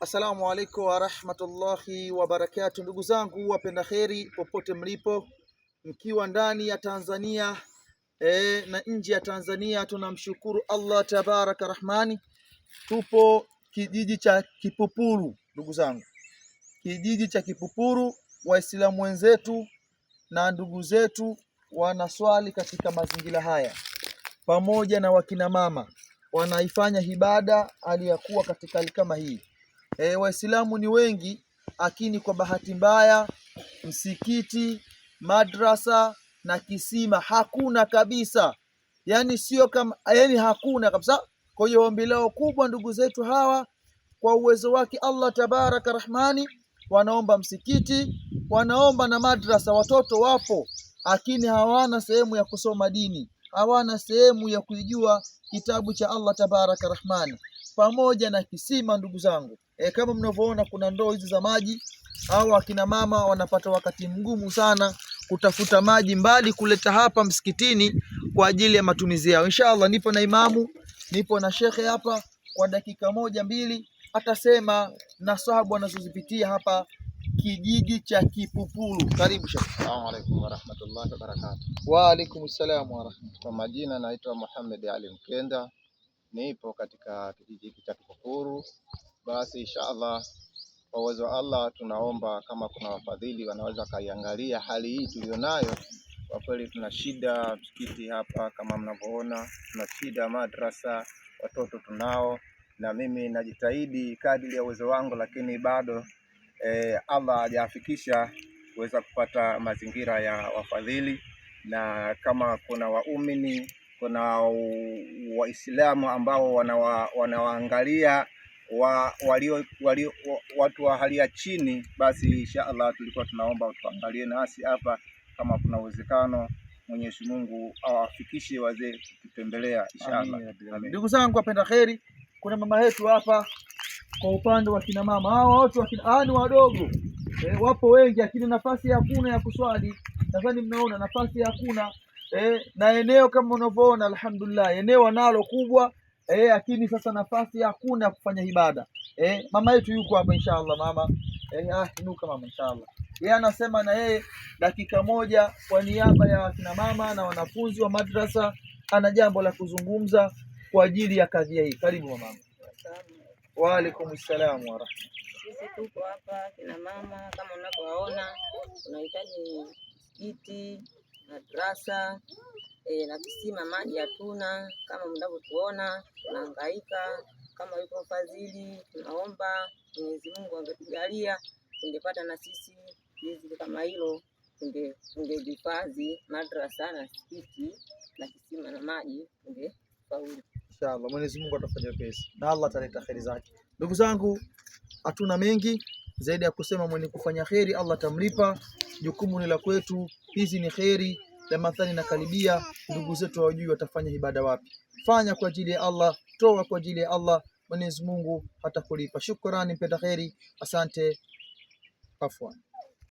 Assalamu alaikum warahmatullahi wabarakatu, ndugu zangu wapenda kheri popote mlipo, mkiwa ndani ya Tanzania e, na nje ya Tanzania, tunamshukuru Allah tabaraka rahmani. Tupo kijiji cha Kipupuru ndugu zangu, kijiji cha Kipupuru. Waislamu wenzetu na ndugu zetu wanaswali katika mazingira haya pamoja na wakinamama wanaifanya ibada aliyakuwa katika hali kama hii e, Waislamu ni wengi, lakini kwa bahati mbaya msikiti, madrasa na kisima hakuna kabisa, yani sio kama, yani hakuna kabisa. Kwa hiyo ombi lao kubwa ndugu zetu hawa kwa uwezo wake Allah tabaraka rahmani, wanaomba msikiti, wanaomba na madrasa, watoto wapo, lakini hawana sehemu ya kusoma dini, hawana sehemu ya kuijua kitabu cha Allah tabaraka rahmani pamoja na kisima, ndugu zangu. E, kama mnavyoona kuna ndoo hizi za maji. Au akina mama wanapata wakati mgumu sana kutafuta maji mbali kuleta hapa msikitini kwa ajili ya matumizi yao. Inshallah, nipo na imamu, nipo na shekhe hapa kwa dakika moja mbili, atasema na sahabu anazozipitia hapa kijiji cha Kipupulu. Karibu shekhe. Asalamu alaykum wa rahmatullahi Wa alaykum salaam warahmatullahi. Kwa majina naitwa Muhammad Ali Mkenda nipo katika kijiji hiki cha Kipupuru. Basi inshaallah kwa uwezo wa Allah tunaomba kama kuna wafadhili wanaweza wakaiangalia hali hii tuliyonayo. Kwa kweli tuna shida msikiti hapa, kama mnavyoona, tuna shida madrasa, watoto tunao, na mimi najitahidi kadri ya uwezo wangu, lakini bado eh, Allah hajafikisha kuweza kupata mazingira ya wafadhili, na kama kuna waumini kuna Waislamu ambao wanawa, wanawaangalia wa, walio, walio, wa, watu wa hali ya chini, basi insha Allah tulikuwa tunaomba tuangalie nasi hapa kama kuna uwezekano Mwenyezi Mungu awafikishe wazee kututembelea inshallah. Ndugu zangu wapenda kheri, kuna mama yetu hapa kwa upande wa kina mama, hawa wote ni wadogo e, wapo wengi, lakini nafasi hakuna ya kuswali. Nadhani mmeona nafasi hakuna eh, na eneo kama unavyoona alhamdulillah, eneo analo kubwa eh, lakini sasa nafasi hakuna ya kufanya ibada eh, mama yetu yuko hapa inshallah mama eh, ah, inuka mama inshallah yeye anasema na yeye dakika moja kwa niaba ya kina mama na wanafunzi wa madrasa, ana jambo la kuzungumza kwa ajili ya kadhia hii. Karibu mama. Wa alaikum salaam wa Sisi tuko hapa kina mama, kama unavyoona, tunahitaji kiti, madrasa e, na kisima maji hatuna, kama mnavyotuona tunahangaika. Kama yuko mfadhili, tunaomba Mwenyezi Mungu angetujalia tungepata na sisi hizi kama hilo, tungehifadhi madrasa na msikiti na kisima na maji, tungefaulu inshallah. Mwenyezi Mungu atafanya pesa na Allah ataleta kheri zake. Ndugu zangu, hatuna mengi zaidi ya kusema mwenye kufanya kheri Allah atamlipa. Jukumu ni la kwetu. Hizi ni kheri, Ramadhani na karibia. Ndugu zetu hawajui watafanya ibada wapi. Fanya kwa ajili ya Allah, toa kwa ajili ya Allah. Mwenyezi Mungu hatakulipa. Shukrani, mpenda kheri, asante, afwani.